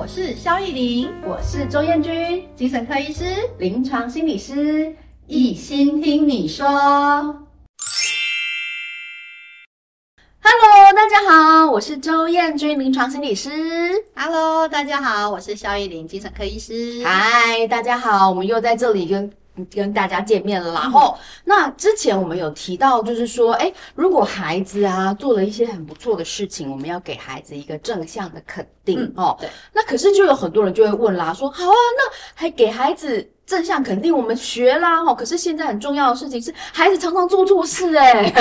我是蕭亦伶，我是周彥君，精神科醫師、臨床心理師，醫心聽你說。Hello，大家好，我是周彥君，臨床心理師。Hello，大家好，我是蕭亦伶，精神科醫師。Hi，大家好，我們又在這裡跟，跟大家見面了啦！然後、嗯哦，那之前我們有提到，就是說，誒、欸，如果孩子啊做了一些很不錯的事情，我們要給孩子一個正向的肯定、嗯、哦。對。那可是就有很多人就會問啦，說好啊，那還給孩子。.正向肯定我們學啦哈，可是現在很重要的事情是，孩子常常做錯事哎，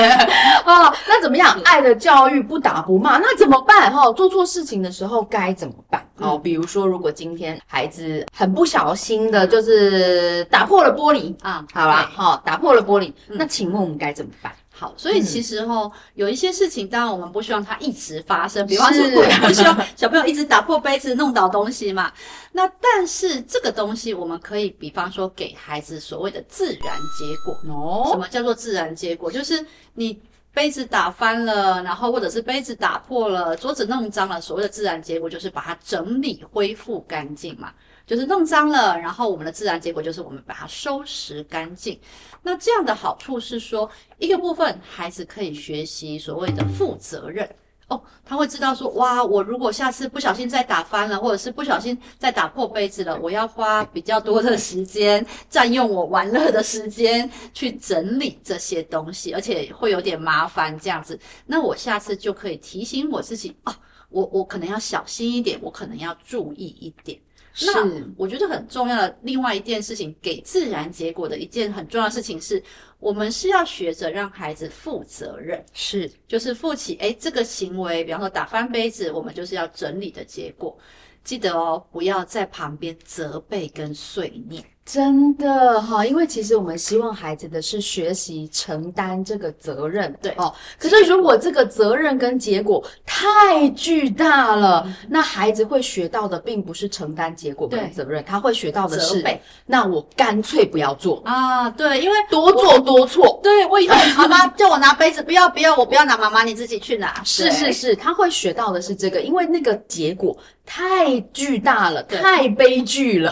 哦， 那怎麼樣？愛的教育不打不罵，那怎麼辦哈？做錯事情的時候該怎麼辦？哦、嗯，比如說，如果今天孩子很不小心的，就是打破了玻璃啊，好了，好打破了玻璃，嗯、那請問我們該怎麼辦？好，所以其實哦，嗯、有一些事情，當然我們不希望它一直發生，比方說我不希望小朋友一直打破杯子、弄倒東西嘛。那但是這個東西，我們可以比方說給孩子所謂的自然結果。哦、什麼叫做自然結果？就是你杯子打翻了，然後或者是杯子打破了，桌子弄髒了，所謂的自然結果就是把它整理、恢復乾淨嘛。就是弄髒了，然後我們的自然結果就是我們把它收拾乾淨。那這樣的好處是說，一個部分孩子可以學習所謂的負責任哦，他會知道說，哇，我如果下次不小心再打翻了，或者是不小心再打破杯子了，我要花比較多的時間占用我玩樂的時間去整理這些東西，而且會有點麻煩這樣子。那我下次就可以提醒我自己哦，我我可能要小心一點，我可能要注意一點。那我覺得很重要的另外一件事情，給自然結果的一件很重要的事情是，我們是要學着讓孩子負責任，是，就是負起，誒，這個行為，比方說打翻杯子，嗯、我們就是要整理的結果，記得哦，不要在旁邊責備跟碎念。真的哈，因為其實我們希望孩子的是學習承擔這個責任，對哦。可是如果這個責任跟結果太巨大了，那孩子會學到的並不是承擔結果跟責任，他會學到的是，那我乾脆不要做啊。對，因為多做多錯。對，我以後媽媽叫我拿杯子，不要不要，我不要拿，媽媽你自己去拿。是是是，他會學到的是這個，因為那個結果太巨大了，太悲劇了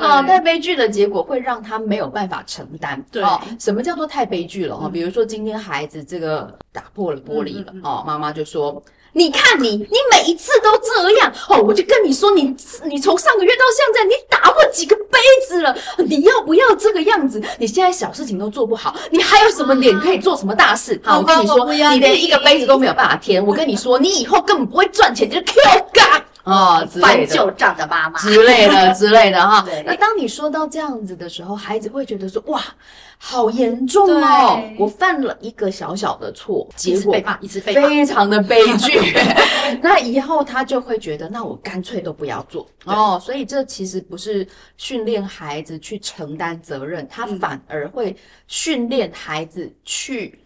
啊，太悲劇了。結果會讓他沒有辦法承擔。對、哦，什麼叫做太悲劇了哈、哦？嗯、比如說今天孩子這個打破了玻璃了，嗯嗯嗯哦，媽媽就說：“你看你，你每一次都這樣，哦，我就跟你說，你你從上個月到現在，你打破幾個杯子了？你要不要這個樣子？你現在小事情都做不好，你還有什麼臉可以做什麼大事？啊、好，我跟你說，你，你連一個杯子都沒有辦法添。我跟你說，你以後根本不會賺錢，就是 Q 干。”哦，之類的，翻舊賬的媽媽 之類的，之類的哈。 對那當你說到這樣子的時候，孩子會覺得說：“哇，好嚴重哦！對我犯了一個小小的錯，結果對一直 非常的悲劇。 ” 那以後他就會覺得，那我乾脆都不要做 哦。所以這其實不是訓練孩子去承擔責任，嗯、他反而會訓練孩子去。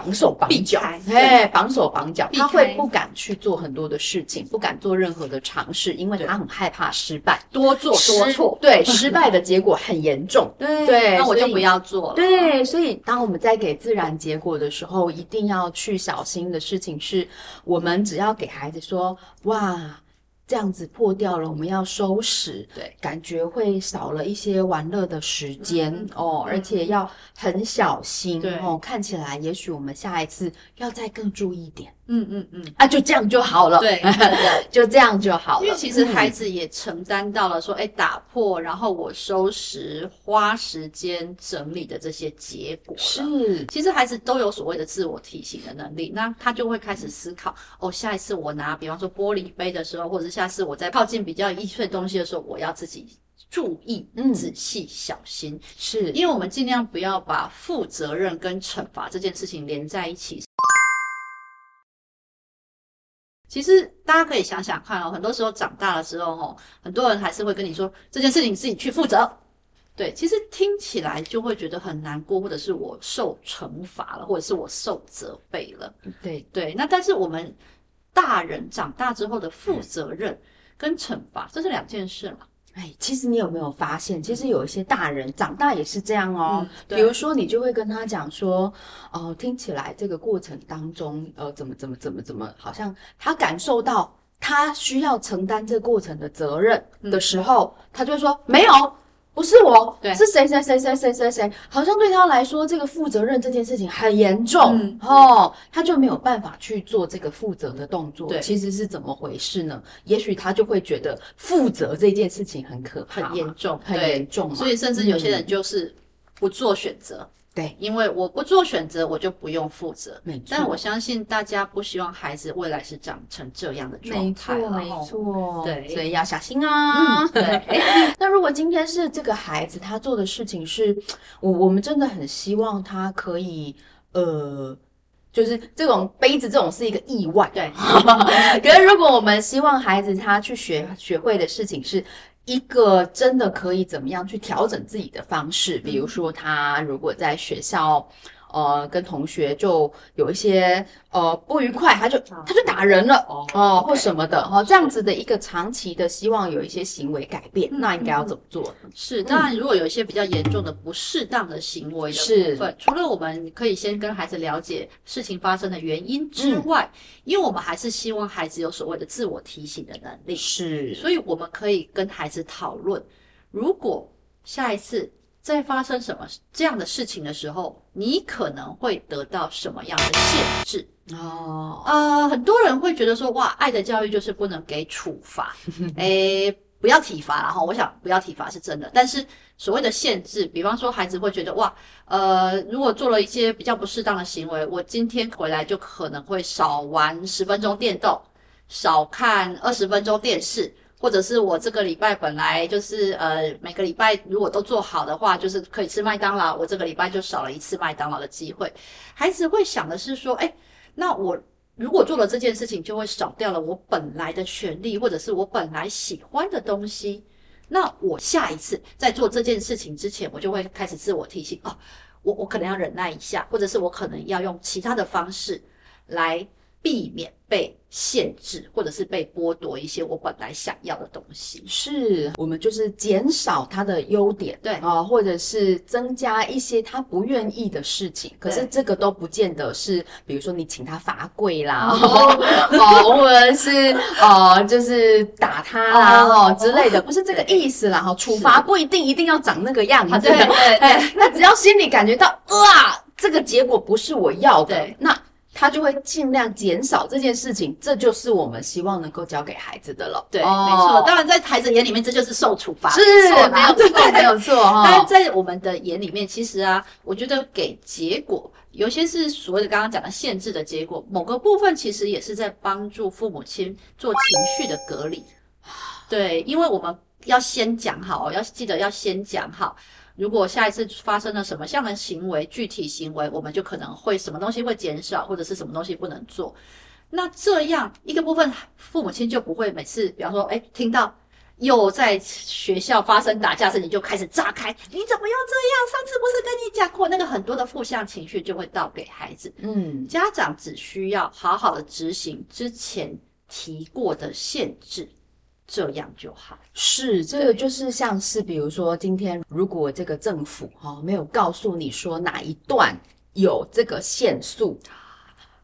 綁手綁腳，哎開，綁手綁腳，對他會不敢去做很多的事情，不敢做任何的嘗試，因為他很害怕失敗，對多做失多錯，對，失敗的結果很嚴重，對，對那我就不要做了。以對，所以當我們在給自然結果的時候，一定要去小心的事情是，我們只要給孩子說，哇。這樣子破掉了，我們要收拾，對、嗯，感覺會少了一些玩樂的時間、嗯、哦，而且要很小心、嗯、哦。對看起來，也許我們下一次要再更注意一點。嗯嗯嗯，啊，就這樣就好了，對， 對，就這樣就好了。因為其實孩子也承擔到了說，哎、嗯欸，打破，然後我收拾，花時間整理的這些結果。是，其實孩子都有所謂的自我提醒的能力，那他就會開始思考，嗯、哦，下一次我拿，比方說玻璃杯的時候，或者是下次我在靠近比較易碎東西的時候，我要自己注意、嗯、仔細、小心。是，因為我們盡量不要把負責任跟懲罰這件事情連在一起。其實大家可以想想看哦，很多時候長大的時候，哦，很多人還是會跟你說，這件事情你自己去負責。對，其實聽起來就會覺得很難過，或者是我受懲罰了，或者是我受責備了。對對，那但是我們大人長大之後的負責任跟懲罰，嗯、這是兩件事嘛。哎，其實你有沒有發現，其實有一些大人長大也是這樣哦。嗯，比如說，你就會跟他講說，哦，聽起來這個過程當中，呃，怎麼怎麼怎麼怎麼，好像他感受到他需要承擔這過程的責任的時候，嗯，他就會說沒有。不是我，對是誰誰誰誰誰誰誰，好像對他來說，這個負責任這件事情很嚴重、嗯、哦，他就沒有辦法去做這個負責的動作。對其實是怎麼回事呢？也許他就會覺得負責這件事情很可怕、很嚴重、對很嚴重嘛，所以甚至有些人就是不做選擇。嗯嗯對，因為我不做選擇，我就不用負責。沒錯，但我相信大家不希望孩子未來是長成這樣的狀態。沒錯，沒錯。對，所以要小心啊。嗯、對。 那如果今天是這個孩子他做的事情是，是我我們真的很希望他可以呃，就是這種杯子這種是一個意外。對。 可是如果我們希望孩子他去學學會的事情是，一個真的可以怎麼樣去調整自己的方式，比如說，他如果在學校。呃，跟同學就有一些呃不愉快，他就他就打人了哦，或什麼的哈，這樣子的一個長期的，希望有一些行為改變，那應該要怎麼做？是，當然如果有一些比較嚴重的不適當的行為的部分，是。除了我們可以先跟孩子了解事情發生的原因之外，因為我們還是希望孩子有所謂的自我提醒的能力，是，所以我們可以跟孩子討論，如果下一次。在發生什麼這樣的事情的時候，你可能會得到什麼樣的限制？哦，oh. 呃，很多人會覺得說，哇，愛的教育就是不能給處罰、 欸，不要體罰，然後我想，不要體罰是真的，但是所謂的限制，比方說孩子會覺得，哇，呃，如果做了一些比較不適當的行為，我今天回來就可能會少玩十分鐘電動，少看二十分鐘電視。或者是我這個禮拜本來就是呃每個禮拜如果都做好的話，就是可以吃麥當勞。我這個禮拜就少了一次麥當勞的機會。孩子會想的是說，誒、欸，那我如果做了這件事情，就會少掉了我本來的權利，或者是我本來喜歡的東西。那我下一次在做這件事情之前，我就會開始自我提醒哦，我我可能要忍耐一下，或者是我可能要用其他的方式來。避免被限制，或者是被剝奪一些我本來想要的東西，是我們就是減少他的優點，對啊，或者是增加一些他不願意的事情。可是這個都不見得是，比如說你請他罰跪啦，哦，或者是哦，就是打他啦，哦之類的，不是這個意思啦，哈，處罰不一定一定要長那個樣子，對對對，那只要心裡感覺到哇，這個結果不是我要的，那。他就會盡量減少這件事情，這就是我們希望能夠教給孩子的了。對，哦、沒錯。當然，在孩子眼裡面，這就是受處罰。是，是沒錯，對，有沒有錯哈。錯但，哦、但在我們的眼裡面，其實啊，我覺得給結果，有些是所謂的剛剛講的限制的結果，某個部分其實也是在幫助父母親做情緒的隔離。對，因為我們要先講好，要記得要先講好。如果下一次發生了什麼樣的行為，具體行為，我們就可能會什麼東西會減少，或者是什麼東西不能做。那這樣一個部分，父母親就不會每次，比方說，誒、欸、聽到有在學校發生打架事情，就開始炸開。你怎麼又這樣？上次不是跟你講過？那個很多的負向情緒就會倒給孩子。嗯，家長只需要好好的執行之前提過的限制。這樣就好，是對這個就是像是，比如說今天如果這個政府哈、哦、沒有告訴你說哪一段有這個限速，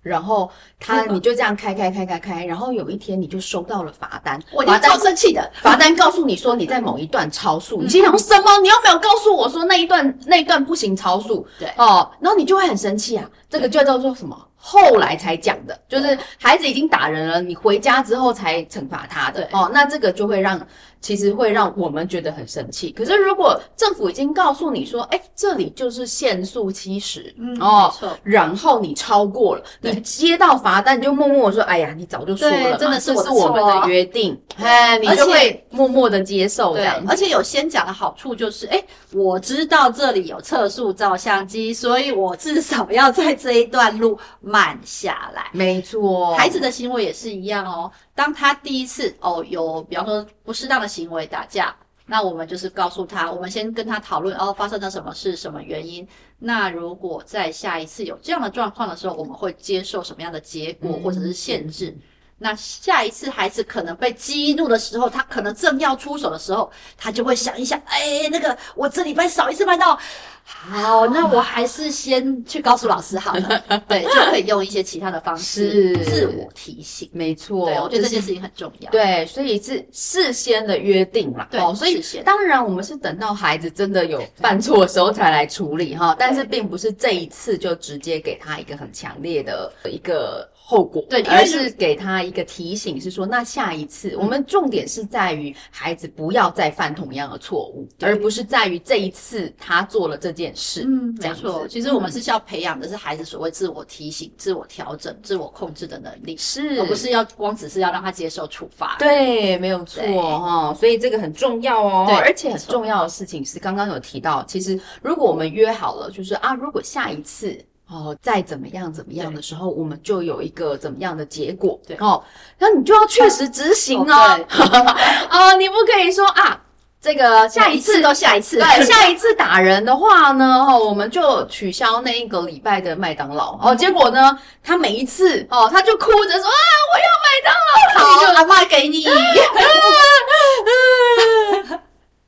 然後他，你就這樣開開開開開，然後有一天你就收到了罰單，罰單、哦、你超生氣的，罰單告訴你說你在某一段超速，嗯、你憑什麼？你又沒有告訴我說那一段那一段不行超速，對哦，然後你就會很生氣啊，這個就叫做什麼？後來才講的，就是孩子已經打人了，你回家之後才懲罰他的對哦。那這個就會讓，其實會讓我們覺得很生氣。嗯、可是如果政府已經告訴你說，哎、欸，這裡就是限速七十，嗯，哦，錯然後你超過了，對你接到罰單你就默默地說，哎呀，你早就說了，真的是我的錯，這是我們的約定，哎對，你就會默默的接受這樣，而且，對，而且有先講的好處就是，哎、欸，我知道這裡有測速照相機，所以我至少要在這一段路。慢下來，沒錯。孩子的行為也是一樣哦。當他第一次哦有，比方說不適當的行為打架，那我們就是告訴他，我們先跟他討論哦發生了什麼事，是什麼原因。那如果在下一次有這樣的狀況的時候，我們會接受什麼樣的結果、嗯、或者是限制？嗯那下一次孩子可能被激怒的時候，他可能正要出手的時候，他就會想一想，哎、欸，那個我這禮拜少一次班到，好，那我還是先去告訴老師好了。 對，就可以用一些其他的方式自我提醒。沒錯，對，我覺得這件事情很重要。對，所以是事先的約定嘛。對、喔，所以先當然我們是等到孩子真的有犯錯的時候才來處理哈，但是並不是這一次就直接給他一個很強烈的一個。後果，對，而是給他一個提醒，是說那下一次，我們重點是在於孩子不要再犯同樣的錯誤，嗯、而不是在於這一次他做了這件事。嗯，沒錯，其實我們是需要培養的是孩子所謂自我提醒、嗯、自我調整、自我控制的能力，是，而不是要光只是要讓他接受處罰。對，沒有錯哈對、哦，所以這個很重要哦。對，而且很重要的事情是，剛剛有提到，錯其實如果我們約好了，就是啊，如果下一次。哦，再怎麼樣怎麼樣的時候，對我們就有一個怎麼樣的結果。對哦，那你就要確實執行哦、啊。Oh, 對 哦，你不可以說啊，這個下一次、嗯、下一次都下一次。對，對下一次打人的話呢，哦，我們就取消那一個禮拜的麥當勞。對哦，結果呢，他每一次哦，他就哭着說 啊，我要麥當勞。好，他賣給你。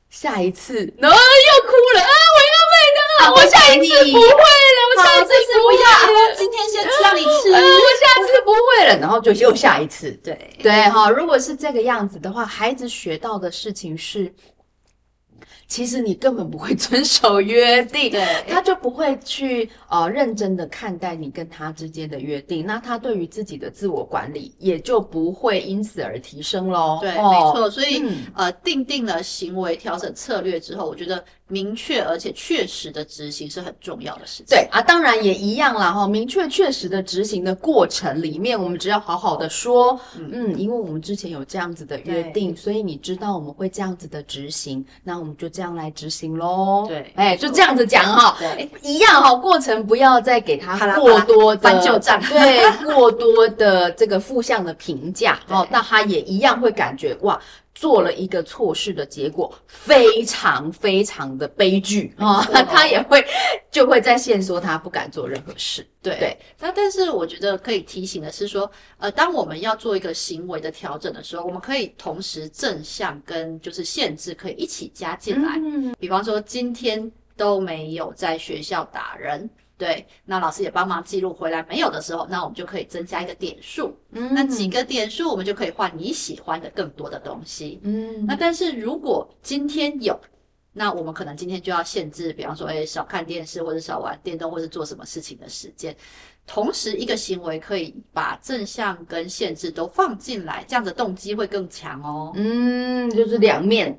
下一次，然後，又哭了。啊嗯、我下一次不會了，我下一次不要。我好今天先讓你吃，呃。我下次不會了，然後就又下一次。對對哈，如果是這個樣子的話，孩子學到的事情是，其實你根本不會遵守約定，對，他就不會去呃認真的看待你跟他之間的約定。那他對於自己的自我管理也就不會因此而提升嘍。對，沒錯。所以、嗯、呃，訂定了行為調整策略之後，我覺得。明確而且確實的執行是很重要的事情。對啊，當然也一樣啦哈、喔。明確確實的執行的過程裡面，我們只要好好的說，嗯，嗯因為我們之前有這樣子的約定，對所以你知道我們會這樣子的執行，那我們就這樣來執行咯，對，哎、欸，對就這樣子講哈。對，對一樣哈、喔，過程不要再給他過多的翻舊帳，對，過多的這個負向的評價哦，那他也一樣會感覺哇。做了一個錯事的結果非常非常的悲劇啊，哦、對對對。 他也會就會在線說他不敢做任何事。對，那 但，但是我覺得可以提醒的是說，呃，當我們要做一個行為的調整的時候，我們可以同時正向跟就是限制可以一起加進來。嗯，嗯，嗯，比方說今天都沒有在學校打人。對，那老師也幫忙記錄回來沒有的時候，那我們就可以增加一個點數。嗯，那幾個點數，我們就可以換你喜歡的更多的東西。嗯，那但是如果今天有，那我們可能今天就要限制，比方說，誒、哎，少看電視，或者少玩電動，或者做什麼事情的時間。同時，一個行為可以把正向跟限制都放進來，這樣的動機會更強哦。嗯，就是兩面，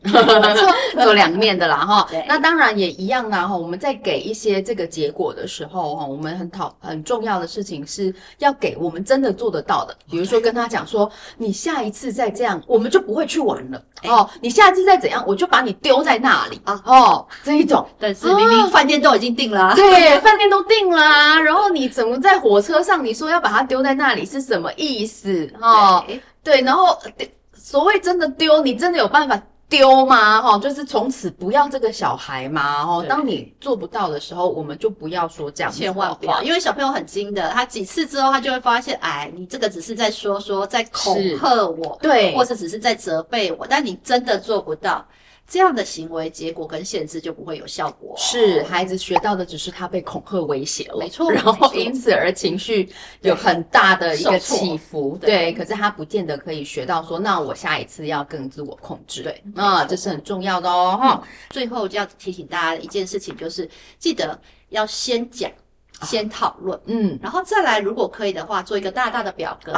有兩 面的啦哈。對那當然也一樣啦哈。我們在給一些這個結果的時候哈，我們很討很重要的事情是要給我們真的做得到的。比如說跟他講說，對你下一次再這樣，我們就不會去玩了哦，欸喔。你下一次再怎樣，我就把你丟在那裡啊哦，喔，這一種。但是明明飯，啊，店都已經訂了，對，飯店都訂了，然後你怎麼在？在火車上，你說要把它丟在那裡是什麼意思？哈對、哦，對，然後丟，所謂真的丟，你真的有辦法丟嗎、哦？就是從此不要這個小孩嗎？哈、哦，對當你做不到的時候，我們就不要說這樣，千萬不要，因為小朋友很精的，他幾次之後，他就會發現，哎，你這個只是在說說，在恐嚇我，對，或者只是在責備我，但你真的做不到。這樣的行為結果跟限制，就不會有效果。是孩子學到的，只是他被恐嚇威脅了，沒錯。然後因此而情緒有很大的一個起伏。對，可是他不見得可以學到說，那我下一次要更自我控制。對，那這是很重要的哦。最後就要提醒大家的一件事情，就是記得要先講，先討論，嗯，然後再來，如果可以的話，做一個大大的表格，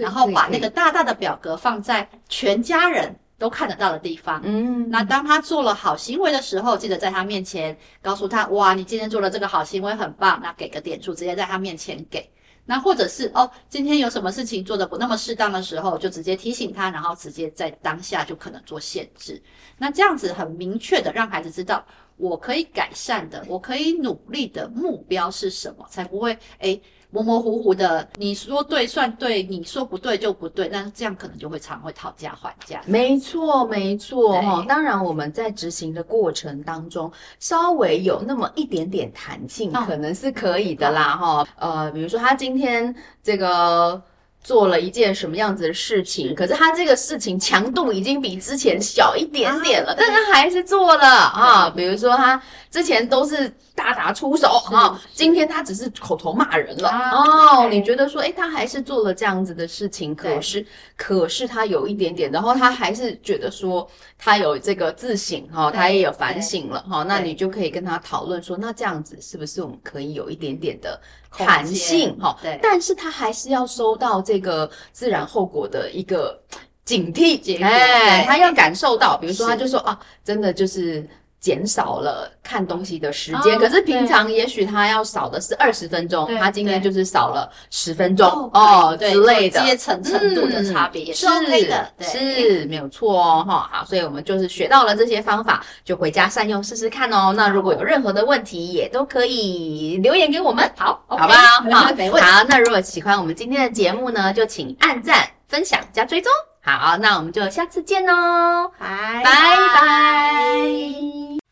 然後把那個大大的表格放在全家人都看得到的地方，嗯，那當他做了好行為的時候，記得在他面前告訴他，哇，你今天做了這個好行為很棒，那給個點數，直接在他面前給。那或者是哦，今天有什麼事情做得不那麼適當的時候，就直接提醒他，然後直接在當下就可能做限制。那這樣子很明確的讓孩子知道，我可以改善的，我可以努力的目標是什麼，才不會誒、欸、模模糊糊的？你說對算對，你說不對就不對，那這樣可能就會常會討價還價。沒錯，沒錯、對、哦，當然我們在執行的過程當中，稍微有那麼一點點彈性，可能是可以的啦，哈、哦。哦、呃，比如說他今天這個。做了一件什麼樣子的事情？可是他這個事情強度已經比之前小一點點了，但是他還是做了啊。比如說他之前都是大打出手啊，今天他只是口頭罵人了哦。你覺得說，誒，他還是做了這樣子的事情，可是可是他有一點點，然後他還是覺得說他有這個自省哈，他也有反省了哈。那你就可以跟他討論說，那這樣子是不是我們可以有一點點的？彈性哈，間但是他還是要受到這個自然後果的一個警惕，哎，他要感受到，比如說他就說的啊，真的就是。減少了看東西的時間，可是平常也許他要少的是二十分鐘，他今天就是少了十分鐘哦，對，之類的階層程度的差別也是是，沒有錯哦哈。好，所以我們就是學到了這些方法，就回家善用試試看哦。那如果有任何的問題，也都可以留言給我們。好，好吧，好，沒問題。好，那如果喜歡我們今天的節目呢，就請按讚、分享加追蹤。好，那我們就下次見嘍！拜拜。拜拜。拜拜。